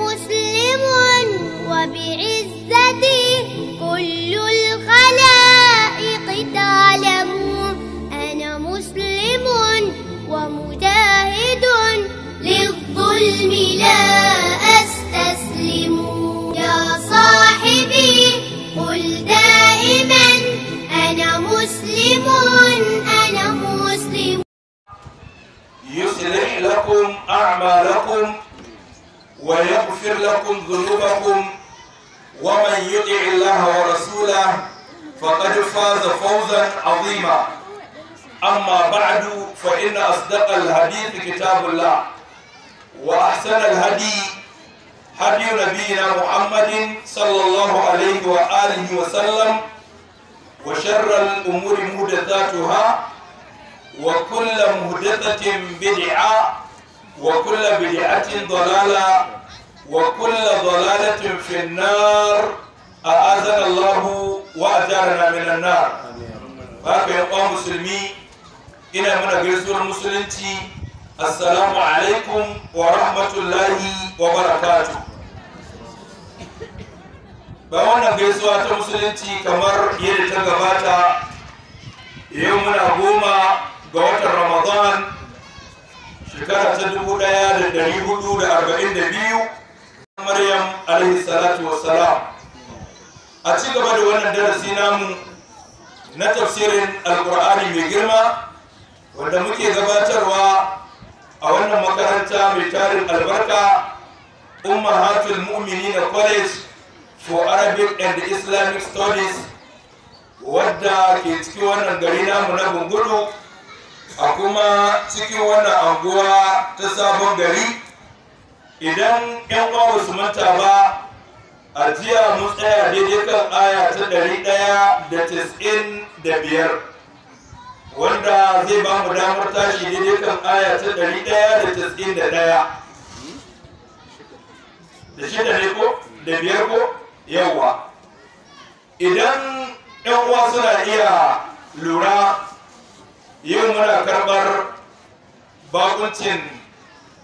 مسلم وبعزته كل الخلائق تعلم أنا مسلم ومجاهد للظلم لا أستسلم يا صاحبي قل دائما أنا مسلم أنا مسلم يصلح لكم أعمالكم ويغفر لكم ذنوبكم ومن يطع الله ورسوله فقد فاز فوزا عظيما أما بعد فإن أصدق الحديث كتاب الله وأحسن الهدي هدي نبينا محمد صلى الله عليه وآله وسلم وشر الأمور محدثاتها وكل محدثة بدعة وكل بدعة ضلالة وكل ضلالة في النار أعاذنا الله وأجارنا من النار haka yan musulmi ina muna gaisuwar musulunci assalamu alaikum wa rahmatullahi wa barakatu ba wannan gaisuwa ta musulunci kamar yadda ta gabata yau muna goma ga watan ramadan shekara ta dubu ɗaya da ɗari hudu da arba'in da biyu maryam alaihi salatu wassalam a ci gaba da wannan darasi namu na tafsirin alkur'ani mai girma wanda muke gabatarwa a wannan makaranta mai tarin albarka mumini na college for arabic and islamic studies wadda ke cikin wannan gari namu na bungudu a kuma cikin wannan anguwa ta sabon gari idan yan uwa su manta ba a jiya mun tsaya daidai kan aya ta ɗari ɗaya da tis'in da biyar wanda zai ba mu damar tashi daidai kan aya ta ɗari ɗaya da tis'in da ɗaya da shida ne ko da biyar ko yawa idan yan uwa suna iya lura yau muna karɓar bakuncin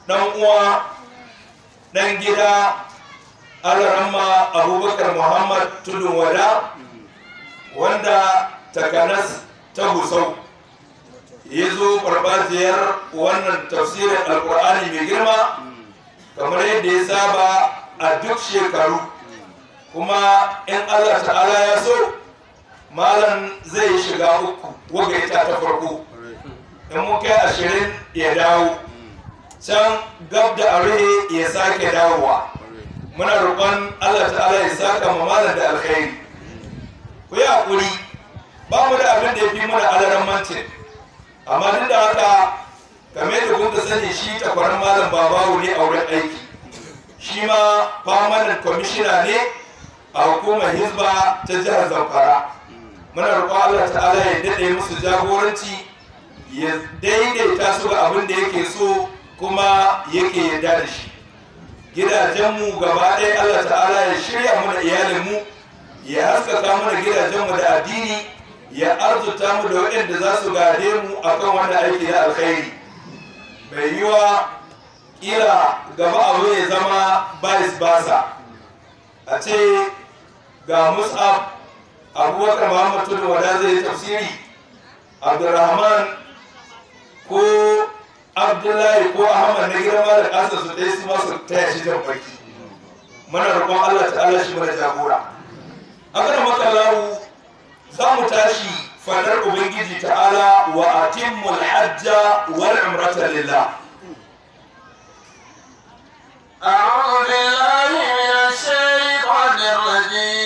ɗan uwa dan gida alarama abubakar muhammad tudun wada wanda takanas ta busau, ya zo farfajiyar wannan tafsirin alkur'ani mai girma kamar yadda ya saba a duk shekaru kuma in allah ta'ala ya so malam zai shiga uku wagaita ta farko in muka ashirin ya dawo can gab da aure ya sake dawowa muna roƙon Allah ta'ala ya saka mu da alkhairi ku yi hakuri ba mu da abin da ya fi muna alaran mancin amma duk da haka game da kun sani shi takwarar malam babawu ne a wurin aiki shi ma famanin kwamishina ne a hukumar Hisba ta jihar zamfara muna roƙon Allah ta'ala ya daɗe musu jagoranci ya daidaita su ga abin da yake so kuma yake yarda da shi gidajenmu gaba ɗaya Allah ta'ala ya shirya mana iyalinmu ya haskaka mana gidajenmu da addini ya arzuta mu da waɗanda za su gade mu akan wanda aiki da alkhairi bai yi wa gaba gaba abu ya zama bayis basa a ce ga mus'ab abubakar muhammad da wada zai tafsiri abdulrahman ko abdullahi ko ahmad na girma da ƙasa su ɗaya su masu taya shi jan baki mana roƙon allah ta'ala shi mana jagora akan makalawu za mu tashi fadar ubangiji ta'ala wa atimmul hajja wal umrata lillah أعوذ بالله من الشيطان الرجيم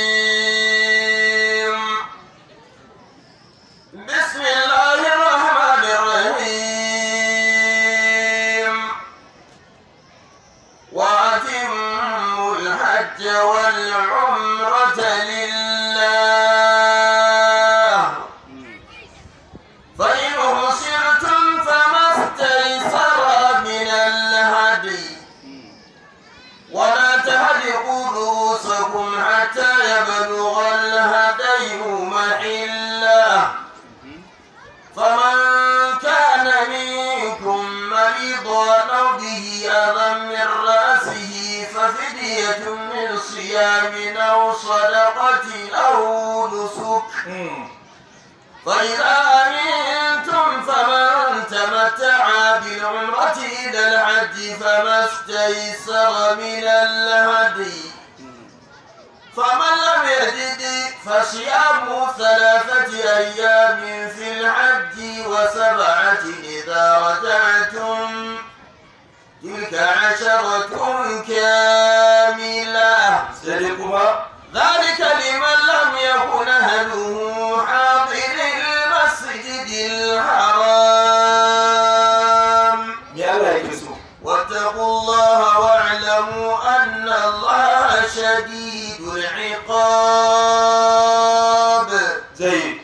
tayi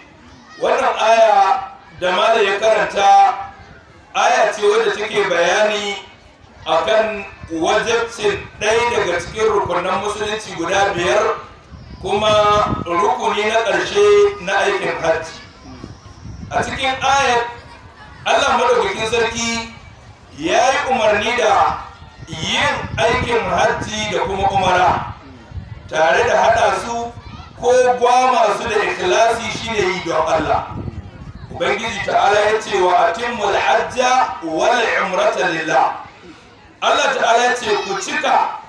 wannan aya da malam ya karanta aya ce wadda take bayani akan wajabcin ɗaya daga cikin rukunan musulunci guda biyar kuma rukuni na ƙarshe na aikin hajji a cikin ayar allah madaukakin sarki ya yi umarni da yin aikin hajji da kuma umara tare da haɗa su ko gwama su da ikhlasi shine yi don Allah ubangiji ta'ala ya ce wa atin hajja wal umrata lillah Allah ta'ala ya ce ku cika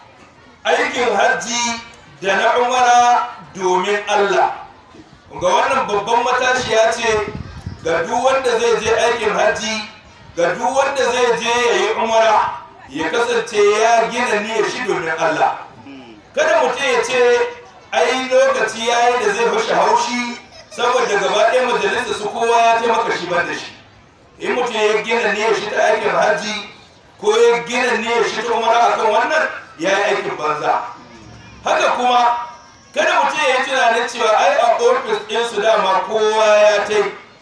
aikin hajji da na umara domin Allah ga wannan babban matashi ya ce ga duk wanda zai je aikin hajji ga duk wanda zai je ya yi umara ya kasance ya gina niyyar shi domin Allah kada mutum ya ce ai lokaci ya yi da zai mashi haushi saboda gaba ɗaya majalisa su kowa ya taimaka shi ban da shi in mutum ya gina ya shi ta aikin hajji ko ya gina ya shi ta umara kan wannan ya yi aikin banza haka kuma kada mutum ya yi tunanin cewa ai a ofis ɗin su dama kowa ya ta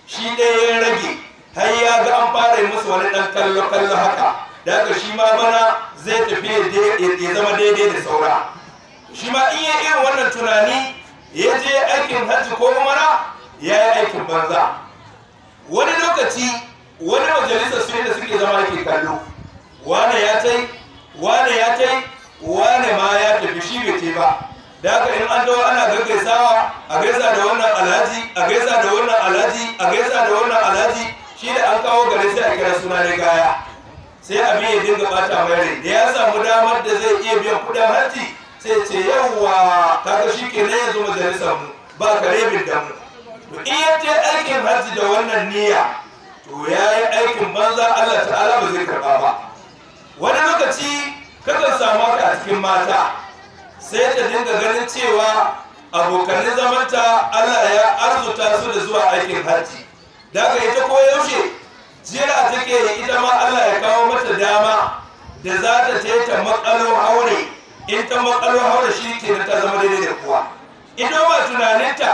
shi ɗaya ya rage har ya ga an fara yi musu wani ɗan kallo-kallo haka da haka shi ma bana zai tafi ya zama daidai da saura shi ma in ya irin wannan tunani ya je aikin hajji ko umara ya yi aikin banza wani lokaci wani majalisar su da suke zama ke kallo wane ya tai wane ya tai wane ma ya tafi shi bai ce ba da haka in an dawo ana gaggaisawa a gaisa da wannan alhaji a gaisa da wannan alhaji a gaisa da wannan alhaji shi da an kawo gare sai a kira suna ne gaya sai abin ya dinga bata mai rai da ya samu damar da zai iya biyan kudin hajji sai ce yawwa ga shi ke na yanzu majalisar mu ba ka min da mu to in ya je aikin hajji da wannan niyya to ya yi aikin banza Allah ta'ala ba zai karɓa ba wani lokaci kakan samu haka a cikin mata sai ta dinga ganin cewa abokanin zamanta Allah ya arzuta su da zuwa aikin hajji daga ita ko yaushe jira take ita ma Allah ya kawo mata dama da za ta ta makalo aure in ta haura shi ke ta zama daidai da kowa ita ba tunaninta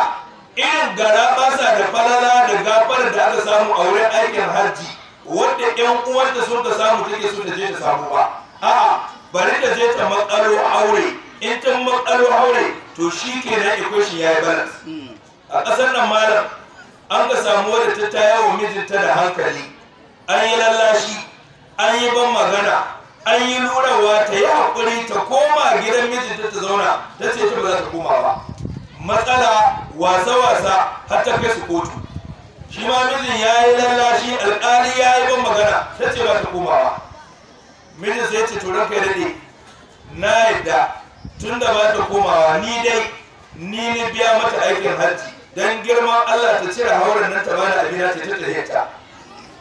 irin gara basa da falala da gafar da aka samu a wurin aikin hajji wanda yan uwanta sun ka samu take so ta je ta samu ba a'a bari ta je ta makalwa aure in ta makalwa aure to shi ke na equation ya yi balance a kasar nan malam an ka samu wadda ta taya wa mijinta da hankali an yi lallashi an yi ban magana an yi lurawa ta yi haƙuri ta koma da ta zauna ta ce ta ba za ta koma ba matsala wasa-wasa har ta kai su kotu shi ma mijin ya yi lallashi alƙali ya yi ban magana ta ce ba ta koma ba mijin sai ce turan kai daɗe na yadda tun da ba ta komawa ni dai ni ni biya mata aikin hajji don girman allah ta cire hauren nan ta bani abina ta ta tare ta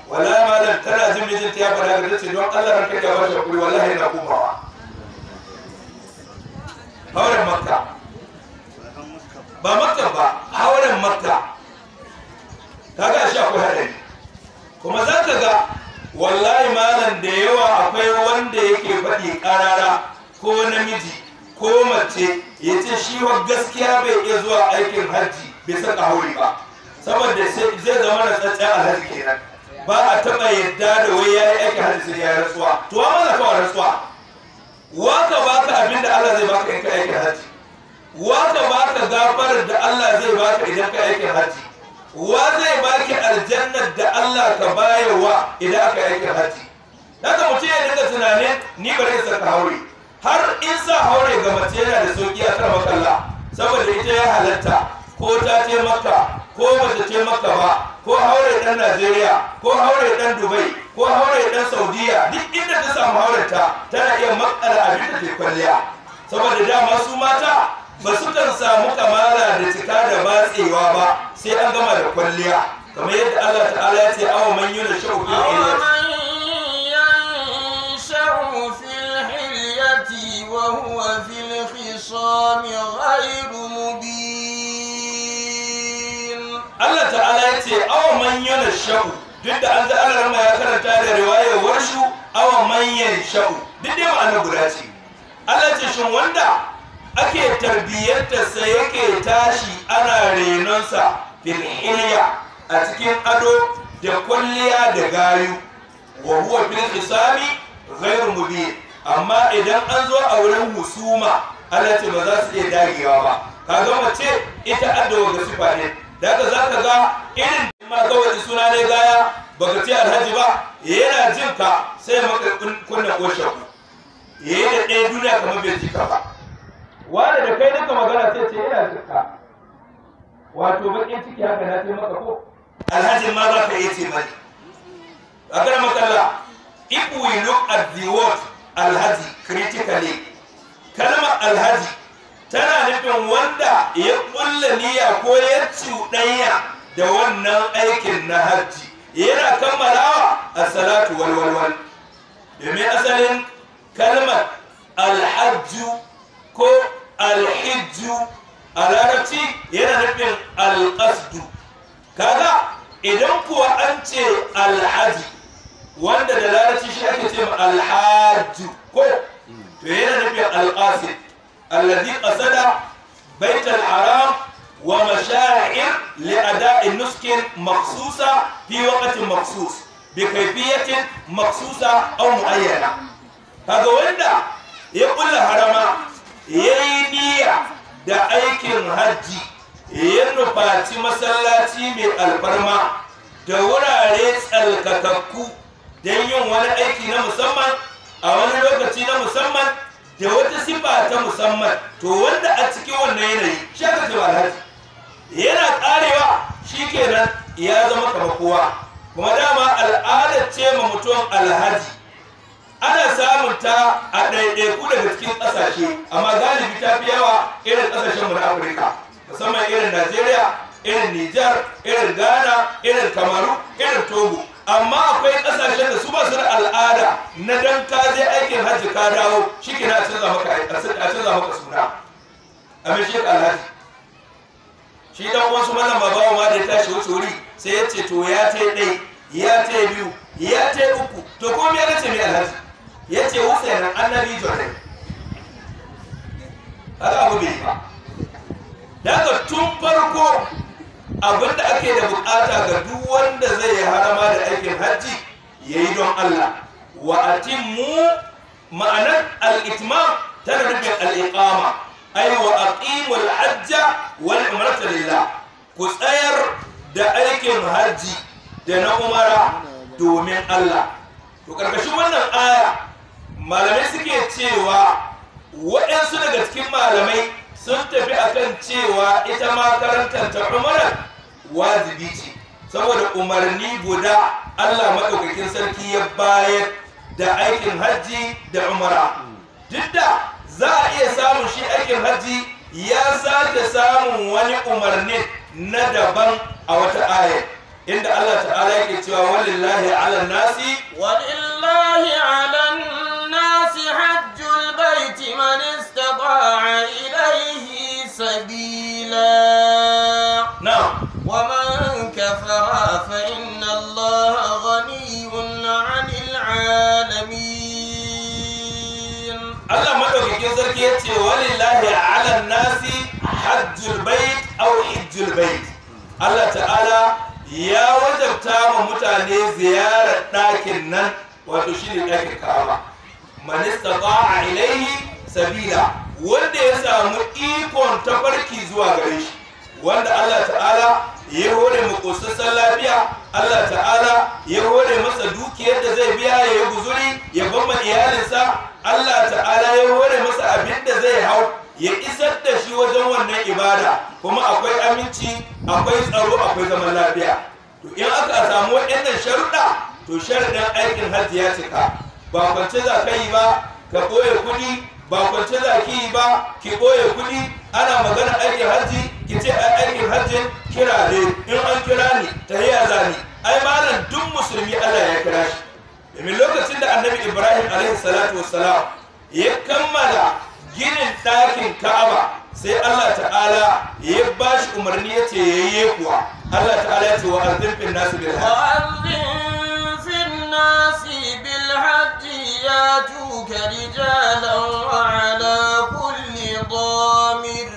wallahi malam tana jin mijin ta ya fara ga ta ce don allah har ta ba ta kuri wallahi na komawa hauren makka ba makka ba hauren makka kaga shi akwai hadari kuma za ka ga wallahi malam da yawa akwai wanda yake faɗi ƙarara ko namiji ko mace ya ce shi wa gaskiya bai iya zuwa aikin hajji bai saka hauri ba saboda zai zama na tsatsa a hajji kenan ba a taɓa yadda da wai ya yi aikin hajji sai ya rasuwa to amma na kawai rasuwa waka baka abin da Allah zai baka in ka aiki haji waka baka gafar da Allah zai baka idan ka aiki haji wa zai baki aljannar da Allah ka bayarwa idan aka aiki haji daga mutum ya dinga tunanin ni bare saka haure har in sa haure ga mace yana da sauki a kan makalla saboda ita ya halatta ko ta ce maka ko mace ce maka ba ko haure dan najeriya ko haure dan dubai ko haure dan saudiya duk inda ta samu ta tana iya makala abin da ke kwalliya saboda dama su mata ba su kan samu kamala da cika da batsewa ba sai an gama da kwalliya kamar yadda allah ta'ala ya ce awa man yi shauki wa Allah ta'ala ya ce awa manyan shahu, duk da an za'alar ma ya karanta da riwayar warshu awa manyan shahu. duk da ma'ana guda ce Allah ce shin wanda ake sai yake tashi ana renonsa filhiliya a cikin ado da kwalliya da gayu wa huwa fil isami ghayr mubin amma idan an zo a wurin husuma Allah ce ba za su iya dagewa ba kaga mace ita adawa ga sifa ne Daga za ka ga irin ma kawai suna ne gaya baka ci alhaji ba yana jin ka sai maka kunna ko shaku. yayi da ɗaya duniya kamar bai ji ka ba wanda da kai duka magana sai ce yana jin ka wato bakin ciki haka na ce maka ko alhaji ma za ka iya ce mai a kan makalla if we look at the word alhaji critically kalmar alhaji tana nufin wanda ya kulla niyya ko ya cuɗanya da wannan aikin na hajji yana kammalawa a salatu walwalwal domin asalin kalmar alhajju ko alhijju a larabci yana nufin alƙasdu kaga idan kuwa an ce alhaji wanda da larabci shi ake ce alhajju ko to yana nufin alƙasid alladhi Asada: bait al wa masha'ir li ada'i nuskin makhsusa fi waqtin makhsus bi kayfiyatin makhsusa wanda ya kulla harama yayi niyya da aikin hajji ya nufaci masallaci mai albarma da wurare tsalkakakku don yin wani aiki na musamman a wani lokaci na musamman da wata sifa ta musamman to wanda a cikin wannan yanayi shi aka ce alhaji yana karewa shikenan ya zama kamar kowa kuma dama al'adar ce ma mutum alhaji ana samun ta a ɗaiɗaiku daga cikin ƙasashe amma galibi ta fi yawa irin ƙasashen mu na afirka musamman irin najeriya irin nijar irin ghana irin kamaru irin togo amma akwai kasashen da su ba su da al'ada na dan ka je aikin hajji ka dawo shi ke na canza maka a canza maka suna a mai shekar alhaji shi dan wasu mallam bawa ma da ya tashi wuce wuri sai ya ce to ya ta ɗai ya ta biyu ya ta uku to ko me ya ce mai alhaji ya ce wuce nan annabi jordan har abu bai ba daga tun farko abin da ake da bukata ga duk wanda zai yi harama da aikin hajji ya yi don Allah wa atimmu ma'anar al-itmam tana nufin al-iqama ay wa hajja wal umrata lillah ku tsayar da aikin hajji da na umara domin Allah to karkashin wannan aya malamai suke cewa waɗansu daga cikin malamai sun tafi akan cewa ita ma karantar ta umara wajibi ce saboda umarni guda Allah maɗaukakin sarki ya bayar da aikin hajji da umara duk da za a iya samun shi aikin hajji ya sake samun wani umarni na daban a wata aya inda Allah ta'ala yake cewa walillahi ala nasi walillahi ala للناس حج البيت من استطاع إليه سبيلا نعم ومن كفر فإن الله غني عن العالمين الله مدوكين سركي يتي ولله على الناس حج البيت أو حج البيت الله تعالى يا وجبتا mutane ziyarar ɗakin nan wato shi ne ɗakin ka'aba man istata'a ilayhi sabila wanda ya samu ikon tafarki zuwa gare shi wanda Allah ta'ala ya hore mu kosassan lafiya Allah ta'ala ya hore masa dukiyar da zai biya ya yi guzuri ya bamma iyalinsa Allah ta'ala ya hore masa abin da zai hau ya isar da shi wajen wannan ibada kuma akwai aminci akwai tsaro akwai zaman lafiya to in aka samu waɗannan sharuɗa to sharuɗan aikin hajji ya cika ba kwance za ka yi ba ka ɓoye kuɗi ba kwance za ki yi ba ki ɓoye kuɗi ana magana aikin hajji ki ce aikin hajji kira ne in an kira ni yi za ni ai malam duk musulmi Allah ya kira shi domin lokacin da annabi ibrahim alaihi salatu wassalam ya kammala ginin ɗakin ka'aba sai allah ta'ala ya ba shi umarni ya ce ya yi kuwa allah ta'ala ya ce wa arzin nasu bil للناس بالحج ياتوك رجالا وعلى كل ضامر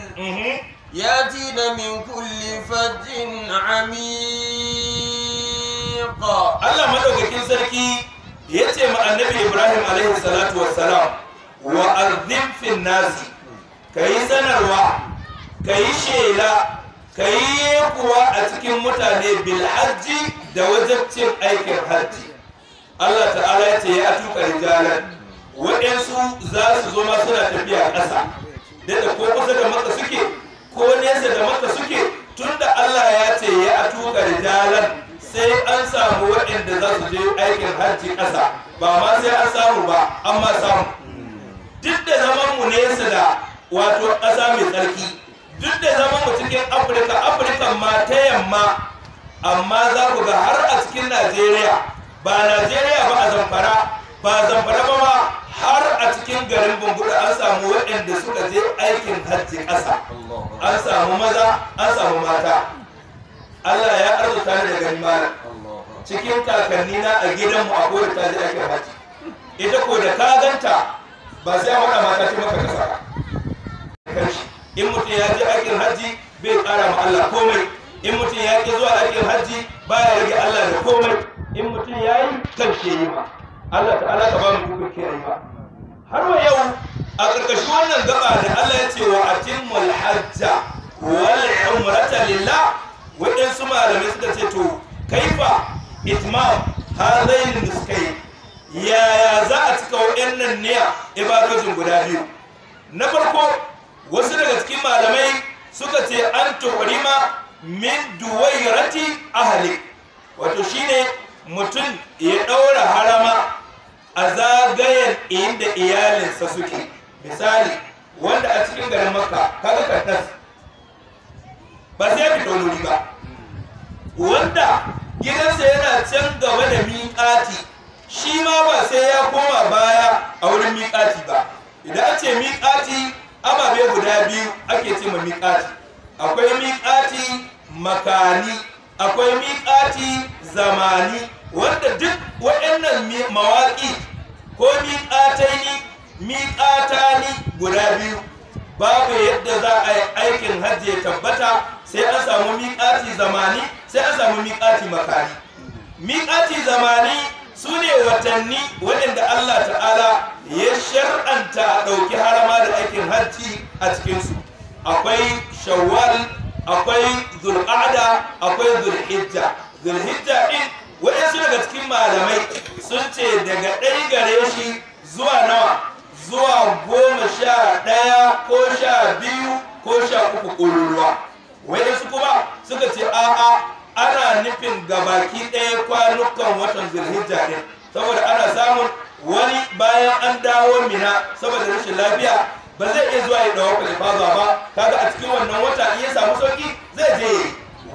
ياتين من كل فج عميق الله مدوكين سركي yace ma annabi ibrahim alaihi salatu wassalam wa azim fin nasi kai sanarwa kai shela kai kuwa a cikin mutane bil da wajen cin aikin hajji Allah ta'ala ya ce ya tuka rijalan waɗansu za su zo ma suna tafiya ƙasa da ko kusa da maka suke ko nesa da maka suke tunda Allah ya ce ya tuka rijalan sai an samu waɗanda za su je aikin hajji ƙasa ba ma sai an samu ba amma samu duk da zaman mu nesa da wato ƙasa mai tsarki duk da zaman mu cikin afirka afirka ma ta yamma amma za ku ga har a cikin najeriya ba najeriya ba a zamfara ba zamfara ba ma har a cikin garin bungudu an samu waɗanda suka je aikin hajji ƙasa an samu maza an samu mata allah ya arzuta ni da ganin mara cikin kakanni na a gidanmu a goyi ta je aikin hajji ita ko da ka ganta ba sai maka mata ce maka kasa in mutum ya je aikin hajji bai ƙara ma allah komai in mutum ya ke zuwa aikin hajji baya rage allah da komai in mutum ya yi kan ke yi ba Allah ta'ala ka ba mu kuka ke yi har wa yau a ƙarƙashin wannan gaba da Allah ya ce wa atin mulhajja wal umrata lillah waɗansu malamai suka ce to kaifa itmam hadain nuskai yaya za a cika waɗannan ne ibadojin guda biyu na farko wasu daga cikin malamai suka ce an tuhrima min duwairati ahli wato shine mutum ya ɗaura harama a zagayen inda iyalinsa suke misali wanda a cikin garin makka kaga katas ba sai fito wuri ba wanda gidansa yana can gaba da miƙati shi ma ba sai ya koma baya a wurin miƙati ba idan ce miƙati ababe guda biyu ake ce ma miƙati akwai miƙati makani akwai miƙati zamani wanda duk waɗannan mawaƙi ko miƙatai miƙatani guda biyu babu yadda za a yi aikin hajji ya tabbata sai an samu miƙati zamani sai an samu miƙati makani miƙati zamani su ne watanni waɗanda Allah ta'ala ya shar'anta a ɗauki harama da aikin hajji a cikinsu akwai shawwal akwai zulqa'da akwai zulhijja zulhijja din waɗansu daga cikin malamai sun ce daga ɗari gare shi zuwa nawa zuwa goma sha ɗaya ko sha biyu ko sha uku ƙururuwa su kuma suka ce a'a ana nufin ga baki ɗaya kwanukan watan zulhijja ɗin saboda ana samun wani bayan an dawo mina saboda rashin lafiya ba zai iya zuwa ya dawo zuwa ba kaga a cikin wannan wata iya samu sauki zai je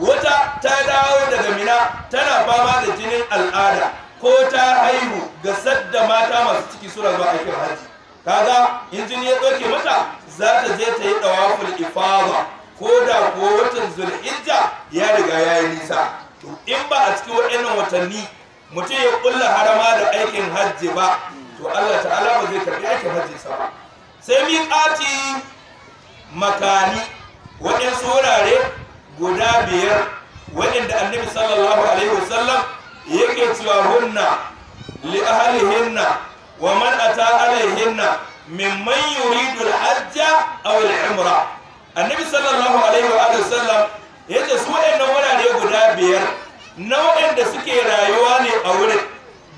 wata ta dawo daga mina tana fama da jinin al'ada ko ta haihu ga sadda mata masu ciki suna zuwa aikin haji kaga in jini ya tsoke mata za ta je ta yi dawaful ifada ko da kuwa watan zulhijja ya riga ya yi nisa to in ba a cikin waɗannan watanni mutum ya ƙulla harama da aikin hajji ba to Allah ta'ala ba zai karɓi aikin hajji sa ba sai miƙati makani waɗansu wurare guda biyar waɗanda annabi sallallahu alaihi wasallam yake cewa hunna li ahlihinna wa man ata alaihinna man yuridu al-hajja aw al-umra annabi sallallahu alaihi wa sallam yace su waɗannan wurare guda biyar na waɗanda suke rayuwa ne a wurin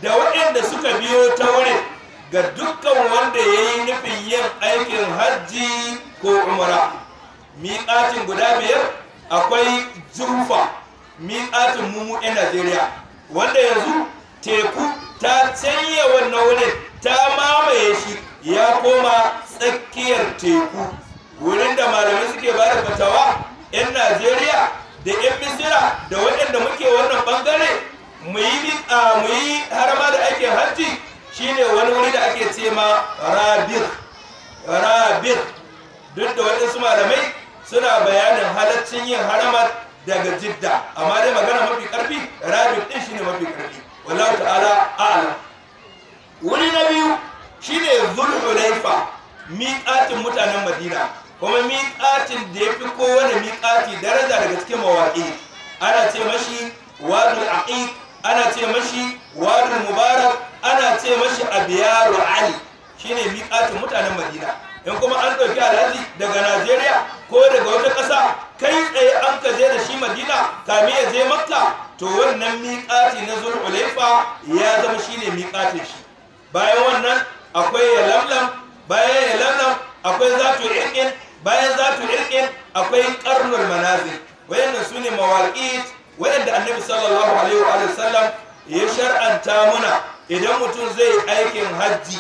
da waɗanda suka biyo ta wurin ga dukkan wanda ya yi nufin yin aikin hajji ko umara miƙatin guda biyar akwai zurfa miƙatin mumu 'yan najeriya wanda yanzu teku ta canye wannan wurin ta mamaye shi ya koma tsakiyar teku wurin da malamai suke ba da fatawa 'yan najeriya da 'yan misira da waɗanda muke wannan ɓangare mu yi har ma da ake hajji shine wani wuri da ake ce ma rabir rabir duk da waɗansu malamai suna bayanin halaccin yin haramar daga jidda amma dai magana mafi ƙarfi rabir ɗin shine mafi karfi wallahu ta'ala a'lam wuri na biyu shine zulhulaifa miƙatin mutanen madina kuma miƙatin da ya fi kowane miƙati daraja daga cikin mawaƙi ana ce mashi wadul aqiq ana ce mashi wadul mubarak ana ce mashi abiyaru ali shine miƙatin mutanen madina in kuma an ɗauki alhaji daga najeriya ko daga wata ƙasa kai tsaye an ka je da shi madina kame ya je makka to wannan miƙati na zuwa ulaifa ya zama shine miƙatin shi bayan wannan akwai ya lamlam bayan ya lamlam akwai zatu irkin bayan zatu irkin akwai karnul manazir wayannan su ne mawaƙit wayanda annabi sallallahu alaihi wa sallam ya shar'anta muna idan mutum zai aikin hajji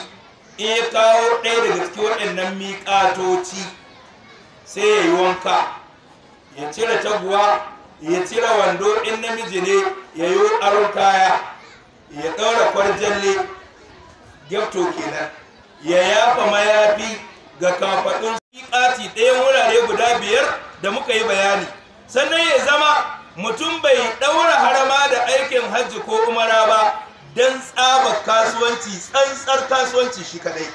in ya kawo ɗaya daga cikin waɗannan miƙatoci sai ya yi wanka ya cire taguwa ya cire wando in namiji ne ya yi aron kaya ya ɗaura kwarjalle gyafto kenan ya yafa mayafi ga kafaɗin miƙati ɗaya wurare guda biyar da muka yi bayani sannan ya zama mutum bai ɗaura harama da aikin kasuwanci tsantsar kasuwanci shi kadai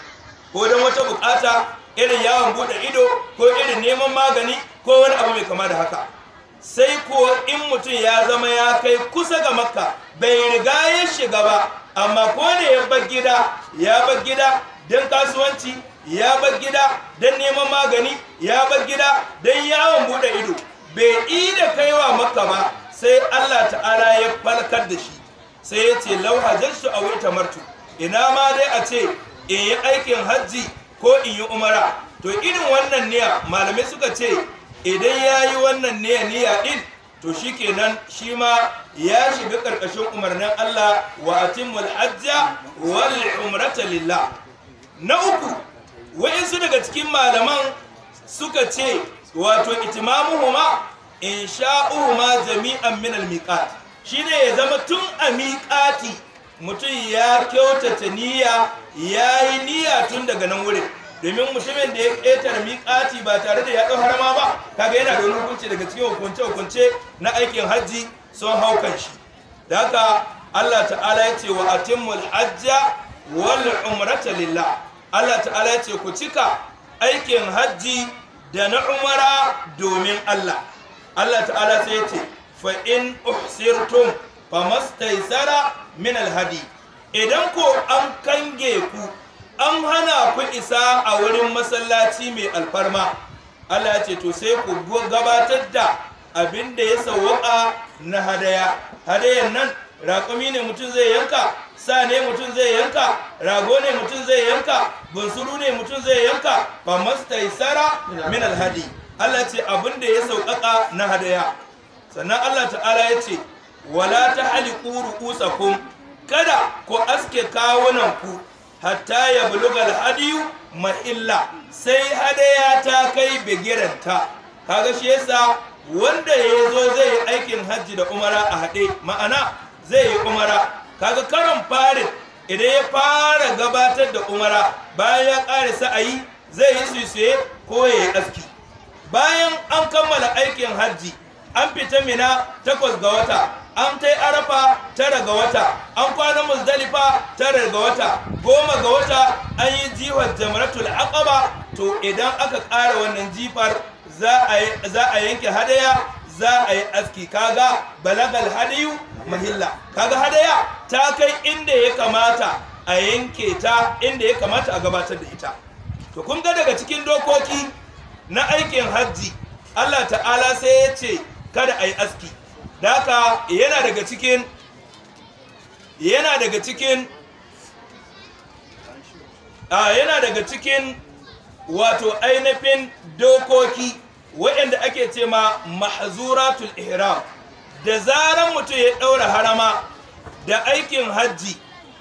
ko don wata bukata irin yawon buɗe ido ko irin neman magani ko wani abu mai kama da haka sai ko in mutum ya zama ya kai kusa ga makka bai riga ya shiga ba amma ko da ya bar gida ya bar gida don kasuwanci ya bar gida don neman magani ya bar gida don yawon buɗe ido bai ida kaiwa makka ba sai allah ta'ala ya falkar da shi sai ya ce lauhajar su a wuta martu ina ma dai a ce in yi aikin hajji ko in yi umara to irin wannan niyya malamai suka ce idan ya yi wannan niyya niyya din to shi kenan shi ma ya shiga ƙarƙashin umarnin Allah wa atimul hajja wal umrata lillah na uku wa'insu daga cikin malaman suka ce wato itimamuhuma in sha'uhuma jami'an min al-miqat shine ya zama tun a mutum ya kyautata niyya ya yi niyya tun daga nan wurin domin mutumin da ya ƙetare miƙati ba tare da ya ɗau harama ba kaga yana da wani hukunci daga cikin hukunce hukunce na aikin hajji sun hau kan shi da haka Allah ta'ala ya ce wa atimmul hajja wal umrata lillah Allah ta'ala ya ce ku cika aikin hajji da na umara domin Allah Allah ta'ala sai ya ce fa in uhsirtum famastaisara min alhadi idan ko an kange ku an hana ku isa a wurin masallaci mai alfarma Allah ya ce to sai ku gabatar da abin da ya sawwaka na hadaya hadayan nan raƙumi ne mutum zai yanka sa ne mutum zai yanka rago ne mutum zai yanka bunsuru ne mutum zai yanka famastaisara min alhadi Allah ce abin da ya sauƙaƙa na hadaya sannan Allah ta'ala ya ce wala ta haliku ru'usakum kada ku aske kawunan ku hatta ya bulugal ma illa. sai hadaya ta kai bigiranta kaga shi yasa wanda ya zo zai yi aikin hajji da umara a haɗe ma'ana zai yi umara kaga karon farin idan ya fara gabatar da umara bayan ya ƙare sa'ayi zai yi sisiye ko ya yi aski bayan an kammala aikin hajji an fita mina takwas ga wata an tai arafa tara ga wata an kwana muzdalifa tara ga wata goma ga wata an yi jihar jamratul aqaba to idan aka ƙara wannan jifar za a yanke hadaya za a yi aski kaga balagal hadayu mahilla kaga hadaya ta kai inda ya kamata a yanke ta inda ya kamata a gabatar da ita to kun ga daga cikin dokoki na aikin hajji Allah ta'ala sai ya ce kada a yi aski daka yana daga cikin yana daga cikin a yana daga cikin wato ainafin dokoki waɗanda ake ce ma mahzuratul ihram da zaran mutum ya ɗaura harama da aikin hajji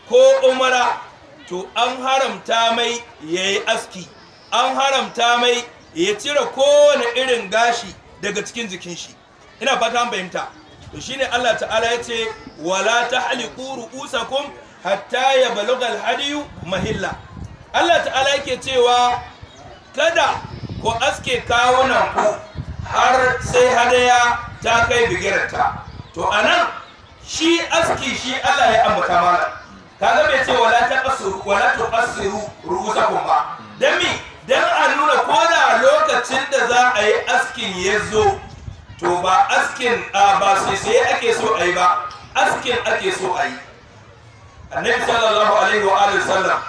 ko umara to an haramta mai ya yi aski an haramta mai ya cire kowane irin gashi daga cikin jikin shi ina fata fahimta to shine Allah ta'ala yace wala tahliqu ru'usakum hatta yablugha al-hadiyu mahilla Allah ta'ala yake cewa kada ku aske kawunan ku har sai hadaya ta kai bigirta to anan shi aski shi Allah ya ambata mana kaga bai ce wala taqsuru wala tuqsiru ru'usakum ba dan mi dan a nuna ko da lokacin da za a yi askin ya zo to ba askin ba sai ake so a yi ba askin ake so a yi annabi sallallahu alaihi wa alihi sallam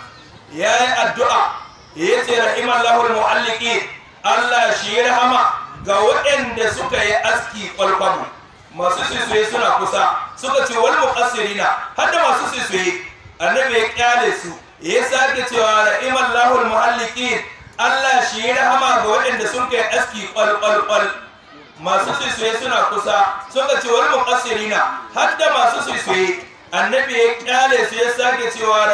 ya yi addu'a ya ce lahul mu'alliqi Allah shi rahama ga waɗanda suka yi aski kwalkwabo masu sisuye suna kusa suka ce wal muqassirina har da masu sisuye annabi ya kyale su ya sake cewa lahul mu'alliqi Allah shi rahama ga waɗanda suka yi aski kwalkwalkwal masu suisuye suna kusa suka ce wani mukassiri na hadda masu suisuye annabi ya kyale su ya sake cewa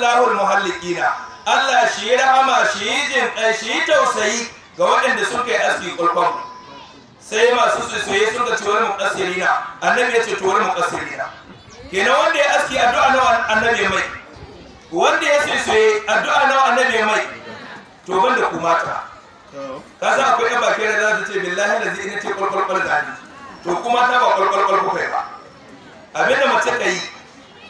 lahul muhallikina Allah shi rahama shi jin ɗan shi tausayi ga waɗanda suka yi aski kulkwan sai masu suisuye suka ce wani na annabi ya ce to wani na kenan wanda ya aski addu'a nawa annabi mai wanda ya suisuye addu'a nawa annabi mai to banda kuma ta ka za akwai yan baki da za ta ce billahi da zai ina ce kwalkwalkwal da ni to kuma ta ba kwalkwalkwal kuka yi ba abinda mace ka yi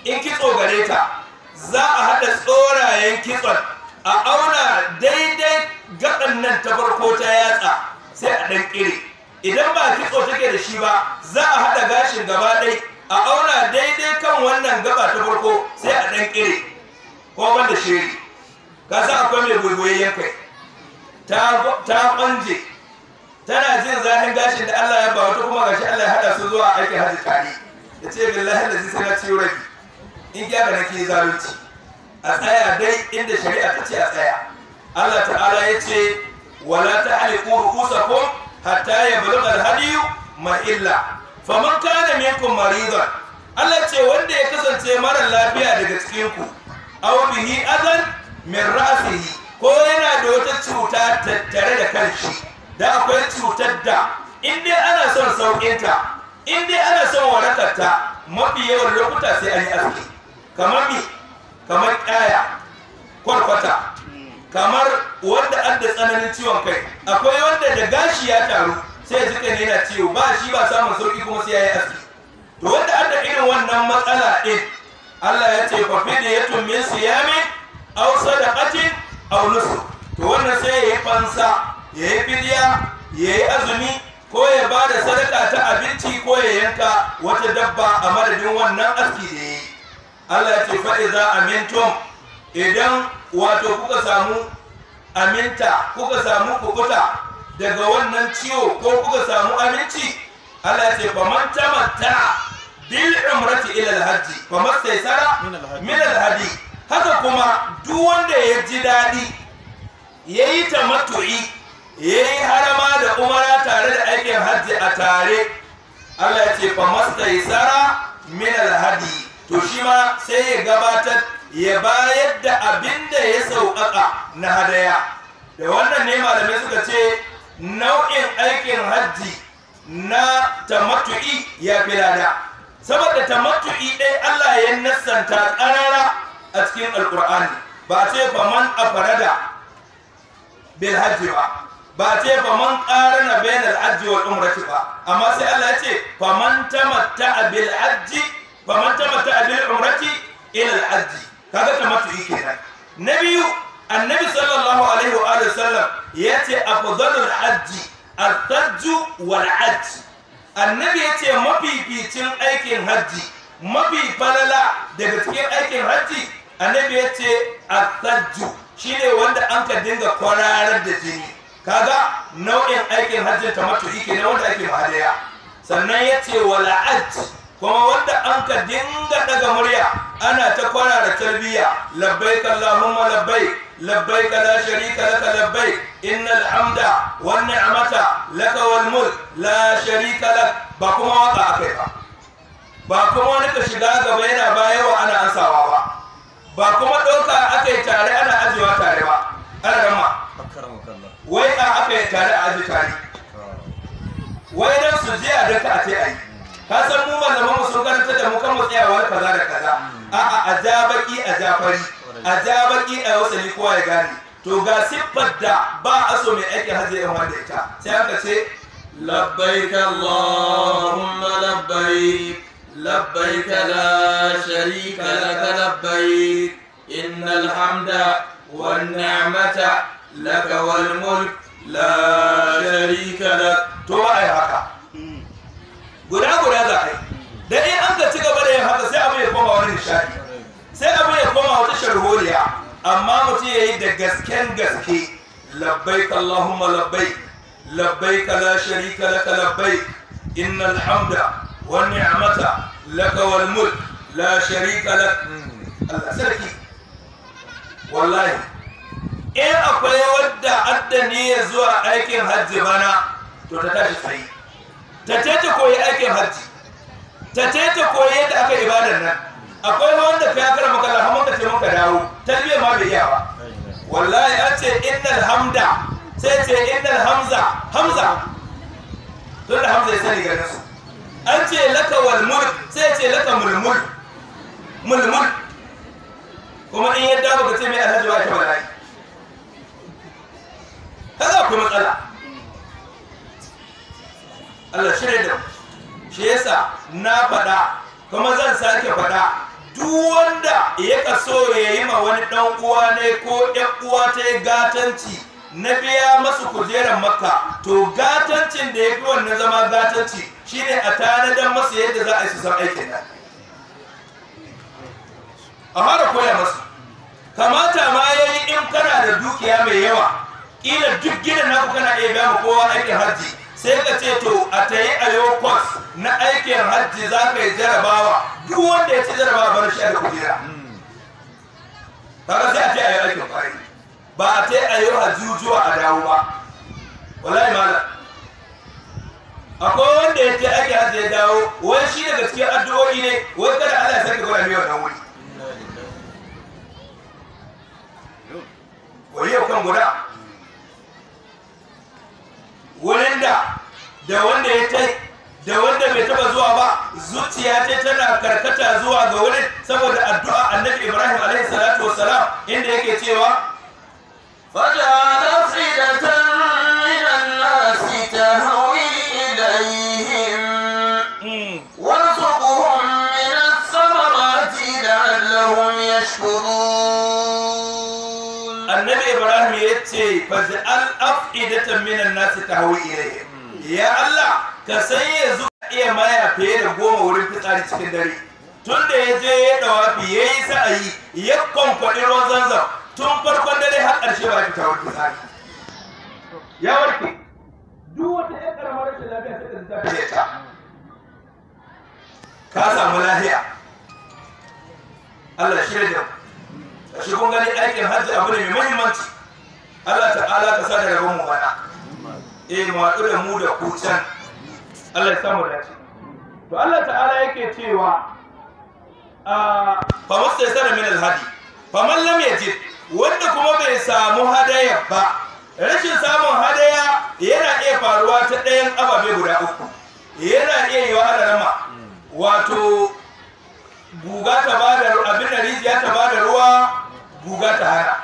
in kitso gare ta za a haɗa tsorayen kitson a auna daidai gaɗan nan ta farko ta yatsa sai a ɗan ƙire idan ba kitso take da shi ba za a haɗa gashin gaba ɗai a auna daidai kan wannan gaba ta farko sai a ɗan ƙire ko ban shiri ka akwai mai gogoyayyen kai ta kwanje tana jin zafin gashin da Allah ya ba wata kuma gashi Allah ya hada su zuwa aikin hajji tare ya ce billahi da sai na ciwo rabi in gyara nake zalunci a tsaya dai inda shari'a ta ce a tsaya Allah ta'ala ya ce wala ta kusa ko hatta ya yablugha al-hadiyu illa faman kana minkum maridan Allah ce wanda ya kasance mara lafiya daga cikin ku aw bihi adan min cuta tattare da kanshi da akwai cutar da in dai ana son sauƙinta in dai ana son warakarta mafi yawan lokuta sai an yi aski kamar mi kamar ƙaya kwarkwata kamar wanda an da tsananin ciwon kai akwai wanda da gashi ya taru sai jika ne yana ciwo ba shi ba samun sauƙi kuma sai ya yi aski to wanda an da irin wannan matsala ɗin Allah ya ce ya fi da ya min siyamin aw sadaqatin aw nusuk to wannan sai ya yi fansa ya yi yayi ya yi azumi ko ya ba da sadaka ta abinci ko ya yanka wata dabba a madadin wannan aski da yi Allah ya ce a mintum idan wato kuka samu aminta kuka samu kukuta daga wannan ciwo ko kuka samu aminci Allah ya ce manta manta bil umrati ila alhaji fa masaysara min alhadi haka kuma duk wanda ya ji dadi. ya yi ta matu'i ya yi harama da umara tare da aikin hajji a tare Allah ya ce fa masta tsara min alhadi to shi ma sai ya gabatar ya bayar da abin da ya sauƙaƙa na hadaya da wannan ne malamai suka ce nau'in aikin hajji na tamattu'i ya fi lada saboda tamattu'i ɗai Allah ya nassanta ƙarara a cikin alƙur'ani ba ce faman a farada bil hajji ba ba ce fa man bai bainal hajji wa umrati ba amma sai Allah ya ce fa man tamatta bil hajji fa man tamatta bil umrati ila al hajji kaga tamattu kenan na biyu annabi sallallahu alaihi wa alihi sallam yace afdalul hajji al-hajj wal hajj annabi ya yace mafificin aikin hajji mafi falala daga cikin aikin hajji annabi ya ce al-hajj shine wanda an ka dinga kwararar da jini kaga nau'in aikin hajjin tamattu'i na wanda ake hadaya sannan ya ce wala kuma wanda an ka dinga daga murya ana ta kwarara tarbiyya labai allahumma labbaik labbaik la sharika laka labbaik innal hamda wan ni'mata laka wal mulk la sharika lak ba kuma waka akai ba ba kuma wani ka shiga gaba yana bayarwa ana ansawa ba ba kuma ɗauka aka yi tare ana ajiyewa tare ba an wai a aka yi tare a aji tare wai don su je a daka a ce a yi ka san mu malaman mu sun karanta da mu kan mu wani kaza da kaza a'a a ja baki a ja fari a ja baki a wasali kowa ya gane to ga siffar da ba a so mai aiki hajji yan wanda ita sai aka ce labbaik allahumma labbaik لبيك لا شريك لك لبيك إن الحمد والنعمة لك والملك لا شريك لك to ai haka guda guda za kai da in an ka ci gaba da yin haka sai abu ya koma wani nishadi sai abu ya koma wata sharholiya amma mutum ya yi da gasken gaske labbaik allahumma labbaik labbaik la sharika laka labbaik innal hamda ونعمة لك والملك لا شريك لك الله والله in akwai wadda addani ya zuwa aikin hajji bana to ta tashi tsayi ta ce ta koyi aikin hajji ta ce ta koyi yadda aka ibadar nan akwai wanda ka yakar maka alhamdu ka ce maka dawo talbiya ma bai iya ba wallahi ce sai ce hamza hamza ya sani su an ce laka wal mulk sai ce laka mulmul mulmul kuma in yadda baka ce mai alhaji ba ka bala'i kaga ku matsala Allah shirya da shi yasa na faɗa kuma zan sake faɗa duk wanda ya kaso ya yi ma wani dan uwa ne ko yan uwa ta yi gatanci na biya masu kujerar makka to gatancin da ya fi wannan zama gatanci shine a tanadar masa yadda za a yi su san aikin nan a fara koya masa kamata ma ya yi in kana da dukiya mai yawa kila duk gidan naku kana iya biya kowa aikin hajji sai ka ce to a ta yi yau kwas na aikin hajji za ka yi jarabawa duk wanda ya ci jarabawa bar shi a kujera kaga sai a ce aikin kwari ba a ta yi hajji zuwa a dawo ba wallahi malam akwai wanda ya ce ake hajji ya dawo wai shi daga cikin addu'o'i ne wai kada ana ya saka gwada mai wannan wuri wani yau kan guda wurin da da wanda ya tai da wanda bai taba zuwa ba zuciya ce tana karkata zuwa ga wurin saboda addu'a annabi Ibrahim alaihi salatu wassalam inda yake cewa فجعل أفئدة من الناس تهوى faj'al af'idatan minan nas tahwi ilayhim ya Allah ka sanya zuwa iya maya fiye da goma wurin fitsari cikin dare tun da ya je ya dawa dawafi ya yi sa'ayi ya kwankwaɗi ruwan zanzan tun farkon dare har ƙarshe ba fita wurin fitsari ya warke duk wata ƴan ƙaramar rashin lafiya sai ta tafi ta ka samu lafiya Allah shirya da shi kun gani aikin hajji abu ne mai muhimmanci Allah ta ka sa da rabon mu mana eh mu haɗu da mu da ku can Allah ya samu dace to Allah ta'ala yake cewa a ah, fa sada min alhadi fa man lam yajid wanda kuma bai samu hadaya ba rashin samun hadaya yana iya faruwa ta ɗayan ababe guda uku yana iya yi wa rama wato guga ta bada, abin da rijiya ta bada ruwa guga ta hana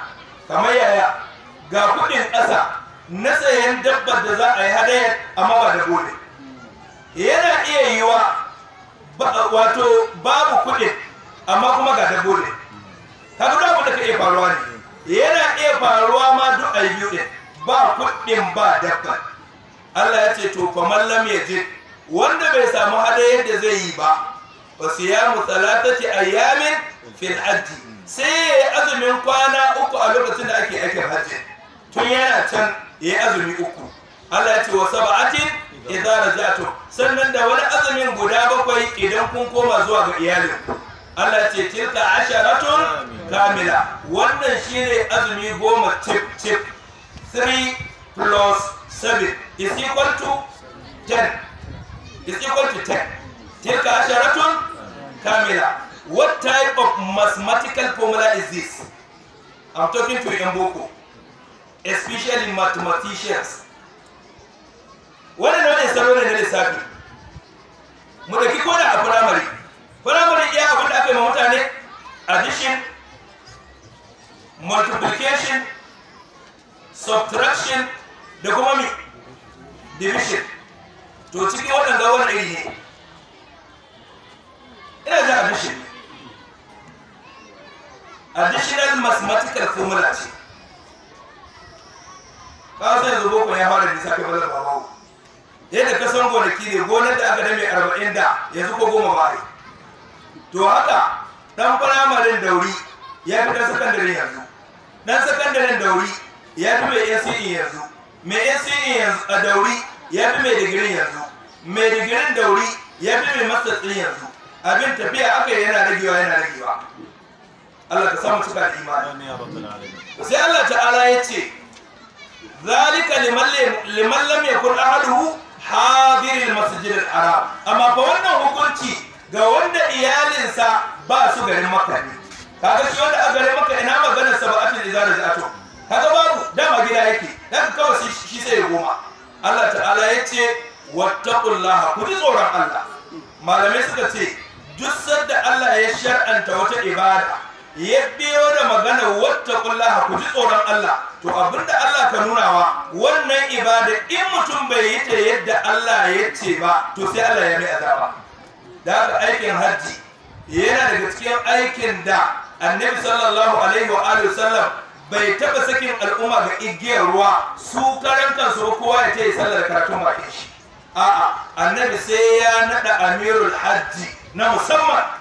kamar yaya ga kuɗin ƙasa na sayan dabbar da za a yi hadayar amma ba da gole yana iya wa wato babu kuɗin amma kuma ga da ne kaga da ka iya faruwa ne yana iya faruwa ma duk a biyu ɗin ba kuɗin ba dabba Allah ya ce to kamar lam wanda bai samu hadayar da zai yi ba ba su ya mu talatati ayyamin fil hajji sai ya yi azumin kwana uku a lokacin da ake aikin hajji tun yana can ya yi azumi uku Allah ya ce wa saba'atin idza tun. sannan da wani azumin guda bakwai idan kun koma zuwa ga iyalin. Allah ya ce tilka asharatun kamila wannan shine azumi goma tip tip 3 plus 7 is equal to 10 is equal to 10 tilka asharatun kamila what type of mathematical formula is this I'm talking to boko. especially mathematicians waɗanda waɗanda salo ne na lissafi mu ɗauki ko da a firamare firamare iya abin da aka yi ma mutane addition multiplication subtraction da kuma mi division to cikin waɗanda wani iri ne ina da addition additional mathematical formula ce ka yanzu boko ya fara nisa kai bazar babawo yadda ka san gonaki ne gonar da aka dame arba'in da yanzu ko goma ba ne to haka dan firamarin dauri ya fi dan sakandaren yanzu dan sakandaren dauri ya fi mai NCE yanzu mai NCE yanzu a dauri ya fi mai digirin yanzu mai digirin dauri ya fi mai master din yanzu abin tafiya aka yi yana ragewa yana ragewa Allah ka samu cika da imani sai Allah ta'ala ya ce zalika liman lam yakun ahaduhu hadiril masjidil haram amma fa wannan hukunci ga wanda iyalinsa ba su garin makka ne kaga shi wanda a garin makka ina magana sab'atul izara zatu kaga babu da dama gida yake dan kawai shi sai goma Allah ta'ala yace wattaqullaha ku ji tsoron Allah malamai suka ce duk sanda Allah ya shar'anta wata ibada ya biyo da magana wata wattaqullaha ku ji tsoron Allah to abinda Allah ka nunawa wannan ibada in mutum bai yi ta yadda Allah ya ce ba to sai Allah ya mai azaba da haka aikin hajji yana daga cikin aikin da annabi sallallahu alaihi wa alihi sallam bai taba sakin al'umma ga igiyar ruwa su karan kansu kowa ya ce sallar karatu bakin shi a'a annabi sai ya nada amirul hajji na musamman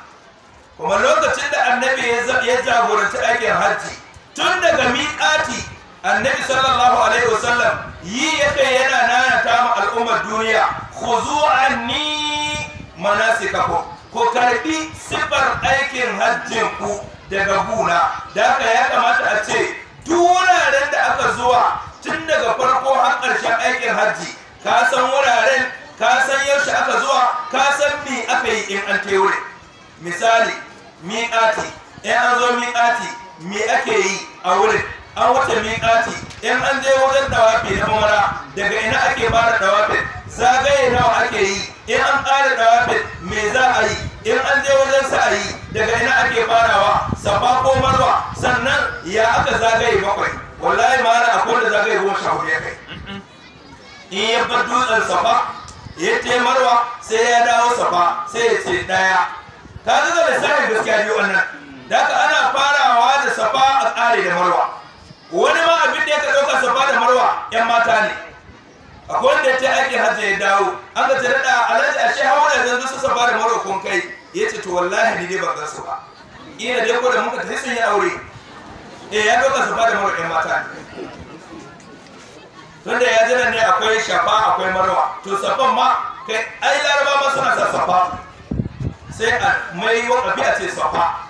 kuma lokacin da annabi ya jagoranci aikin hajji tun daga miƙati annabi sallallahu alaihi wasallam yi ya kai yana nanata ma al'ummar duniya ku zuwa ni kafo ku karɓi siffar aikin hajjin ku daga guna da haka ya kamata a ce wuraren da aka zuwa tun daga farko har ƙarshen aikin hajji ka san wuraren ka san yaushe aka zuwa ka san me aka yi in an teure misali miƙati in an zo miƙati me ake yi a wurin an wuce miƙati in an je wajen dawafi na umara daga ina ake ba da dawafin zagaye nawa ake yi in an ƙara dawafin me za a yi in an je wajen sa-a-yi daga ina ake farawa safa ko marwa sannan ya aka zagaye bakwai wallahi mara a da zagaye goma shahu ya kai in ya bar dutsen safa ya marwa sai ya dawo safa sai ya ce ɗaya. ta ji da sanin gaskiya biyu wannan da aka ana farawa da safa a tsari da marwa wani ma abin da ya ka ɗauka safa da marwa yan mata ne akwai wanda ya ce aiki hajji ya dawo an ka ce daɗa alhaji a shehu wani yanzu su safa da marwa kun kai ya ce to wallahi ni ne ban gan su ba ina dai ko da muka ta sun ya aure eh ya ɗauka safa da marwa yan mata ne da ya jira ne akwai shafa akwai marwa to safan ma kai ai laraba ma suna sa safa sai a mai wakafi a ce safa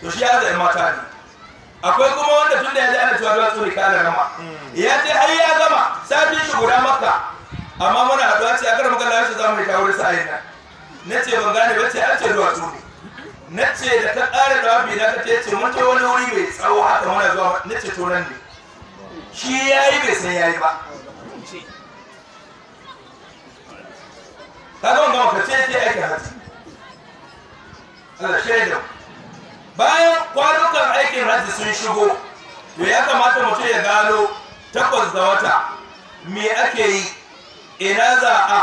to shi ya da yan mata ne akwai kuma wanda tun da ya ji ana cewa zuwa ne kala rama ya ce ai ya gama safi shi guda maka. amma muna haɗuwa ce a karɓar kallon shi zamu ta wurin sa'ayin nan na ce ban gane ba ce an ce zuwa ne na ce da ta ƙara da wafi na ta ce mun ce wani wuri mai tsawo haka muna zuwa na ce to nan ne shi ya yi bai san ya yi ba ka zama gama ka ce ce aikin hatsi bayan kwanukan aikin hajji sun shigo to ya kamata mutum ya gano takwas ga wata me ake yi ina za a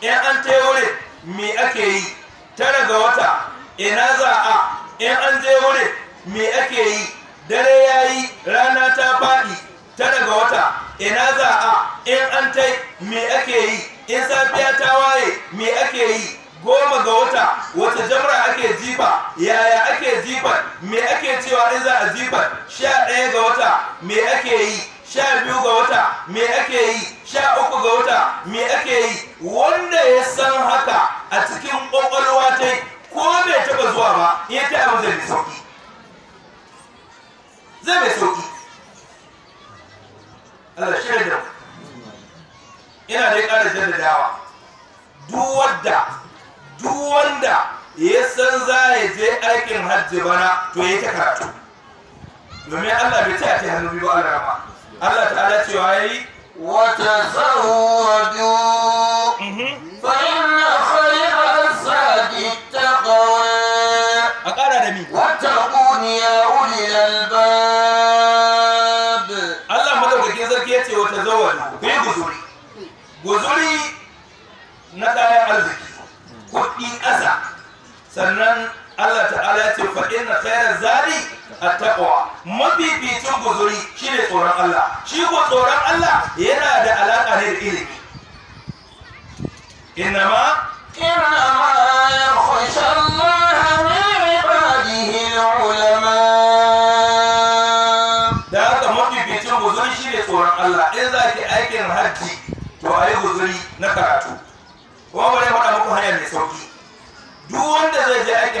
in an te wurin me ake yi tara ga wata ina za a in an je wurin me ake yi dare ya yi rana ta faɗi tara ga wata ina za a in an tai me ake yi in safiya ta waye me ake yi goma ga wata wata jamra ake jifa yaya ake jifa me ake cewa in za a jifa sha ɗaya ga wata me ake yi sha biyu ga wata me ake yi sha uku ga wata me ake yi wanda ya san haka a cikin ƙwaƙwalwa ta ko bai taɓa zuwa ba ya ta abin zai mai sauƙi zai mai sauƙi Allah shaida ina dai ƙara jaddadawa duk wadda duk wanda ya san za ya je aikin hajji bana to ya ta karatu domin Allah bai ta ci hannu biyu a rama Allah ta'ala cewa yayi wa tazawwadu mhm. fa kuɗi ƙasa sannan Allah ta'ala ce fa inna khayra zari at-taqwa mafificin guzuri shine tsoron Allah shi ko tsoron Allah yana da alaka ne da ilimi innama innama yakhsha Allah min ibadihi ulama da haka mafificin guzuri shine tsoron Allah in zaki aikin hajji to ayi guzuri na karatu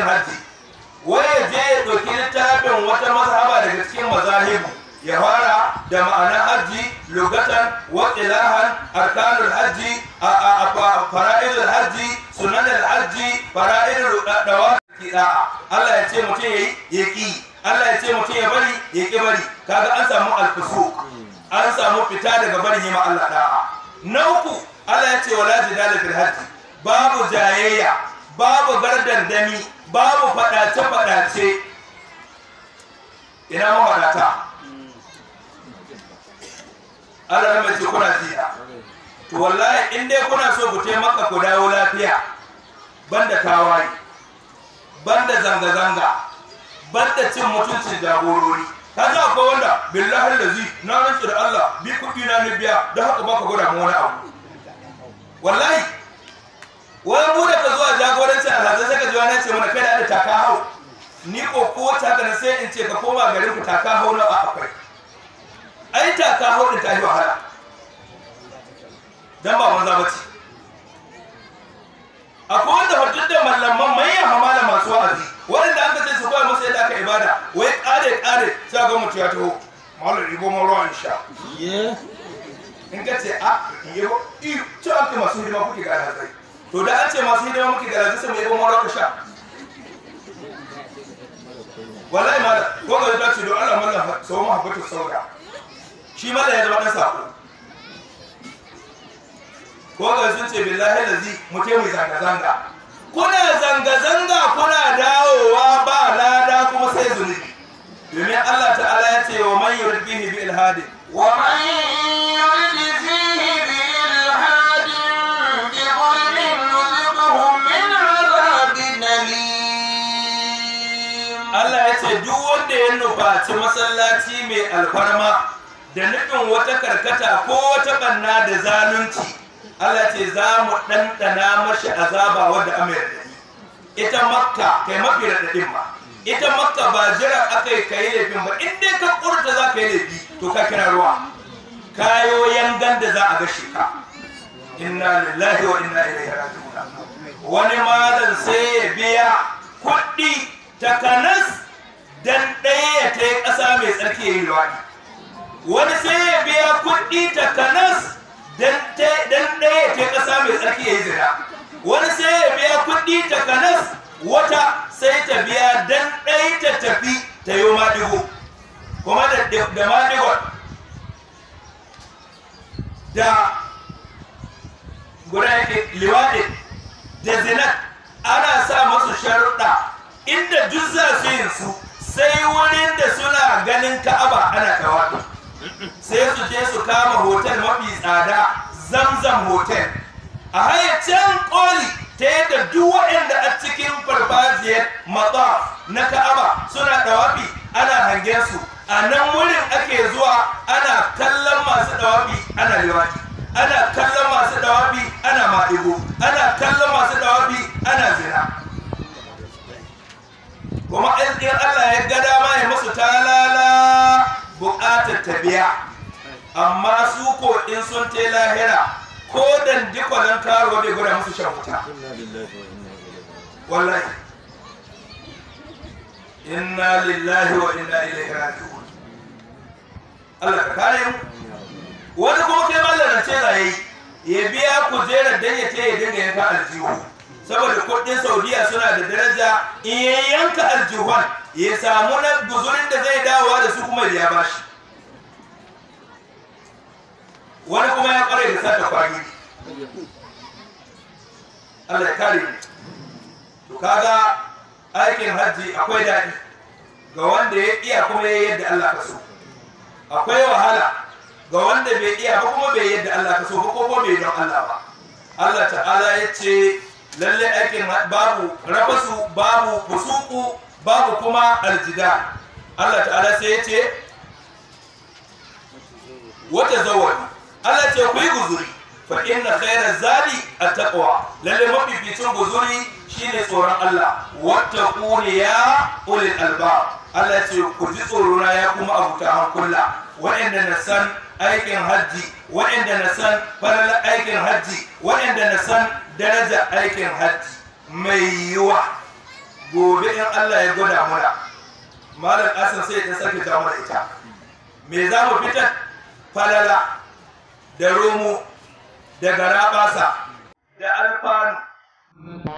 aikin hajji wai ya je ya ɗauki littafin wata mazhaba daga cikin mazahibu ya fara da ma'anar hajji lugatan wa ilahan arkanul hajji a fara'idul hajji sunanar hajji fara'idul dawa da'a Allah ya ce mutum yayi ya ki Allah ya ce mutum ya bari ya ki bari kaga an samu alfusu an samu fita daga bari yi ma Allah da'a na uku Allah ya ce wala jidala fil hajji babu jayayya babu gardandami babu faɗace-faɗace ina mawadata Allah mai ce kuna jiya to wallahi in dai kuna so ku taimaka ku dawo lafiya banda tawaye banda zanga-zanga banda cin mutuncin jagorori ka za akwai wanda billahi lazi na rantsu da Allah bi kuɗi na biya don haka ba ka gwada mu wani abu wallahi Wani mu ka zuwa jagoranci alhazai sai ka ji wani ce mana kai da taka hau ni ko ko taka na sai in ce ka koma garin ku taka hau na akwai ai taka hau din ta yi wahala dan ba banza bace akwai wanda hujjar da mallaman manyan ya hamala masu wa'azi waɗanda an ce su koya masa yadda aka ibada wai ƙare ƙare sai ga mutu ya taho mallam ibo mun ruwan sha in ka ce a yebo i to aka masu hidima kuke ga alhazai to da an ce masu hidima muke da lazisa mai yabon mara sha wallahi ma ko ga ta ce don Allah mallan sau ma habbatu sauka shi ma da ya zama dan sako ko ga sun ce billahi lazi mu ke mu zanga zanga kuna zanga zanga kuna dawowa ba lada kuma sai zunubi domin Allah ta'ala ya ce wa man yurdihi bi ilhadi wa man yurdihi ce duk wanda ya nufaci masallaci mai alfarma da nufin wata karkata ko wata banna da zalunci Allah ce za mu ɗanɗana mashi azaba wadda amai raɗaɗi ita makka kai mafi raɗaɗin ba ita makka ba jira aka yi kayi laifin ba in dai ka ƙurta za ka yi laifi to ka kira ruwa kayo yangan da za a ga shika inna lillahi wa inna ilaihi raji'un wani malam sai ya biya kuɗi takanas dan ɗaya ya ta yi ƙasa mai tsarki ya yi luwaɗi wani sai ya biya kuɗi ta kanas dan ɗaya ya ta yi ƙasa mai tsarki ya yi zira wani sai ya biya kuɗi ta kanas wata sai ta biya dan ɗaya ta tafi ta yi maɗigo kuma da maɗigon da guda yake liwaɗe da zinat ana sa masu sharuɗa inda duk za su yin su sai wurin da suna ganin ka'aba ana tawafi sai su je su kama hotel mafi tsada zamzam hotel a haya ƙoli, koli ta yadda duk waɗanda a cikin farfajiyar matsa na ka'aba suna tawafi ana hangen su a nan wurin ake zuwa ana kallon masu tawafi ana liwati ana kallon masu tawafi ana maɗigo ana kallon masu tawafi ana zina kuma in Allah ya ga dama ya musu talala bukatar tabiya biya amma su ko in sun te lahira ko dan dikwalan karo bai gwada musu shan wuta wallahi inna lillahi wa inna ilaihi raji'un Allah ka kare mu wani kuma ke mallaka ce zai ya biya kujerar dan ya ce ya dinga yanka aljihu saboda kudin saudiya suna da daraja in ya yanka aljihuwan ya samu na guzurin da zai dawowa da su kuma ya bashi wani kuma ya kware da sata kwari Allah ya kare to kaga aikin hajji akwai daɗi ga wanda ya iya kuma ya yadda Allah ka so akwai wahala ga wanda bai iya ba kuma bai yadda Allah ka so ba ko bai don Allah ba Allah ta'ala ya ce lalle aikin babu rafasu babu fusuku babu kuma aljida Allah ta'ala sai ya ce wata zawani. Allah ce ku yi guzuri fa inna khayra zadi at-taqwa mafificin guzuri shine tsoron Allah wata quli ya ulil albab Allah ce ku ji tsoro na ya kuma abuta hankula wa'anda na san aikin hajji waɗanda na san farar aikin hajji waɗanda na san daraja aikin hajji mai yiwa gobe in Allah ya gwada muna malam asan sai ta sake ta da ita me za mu fitar falala da romo da garabasa da alfanu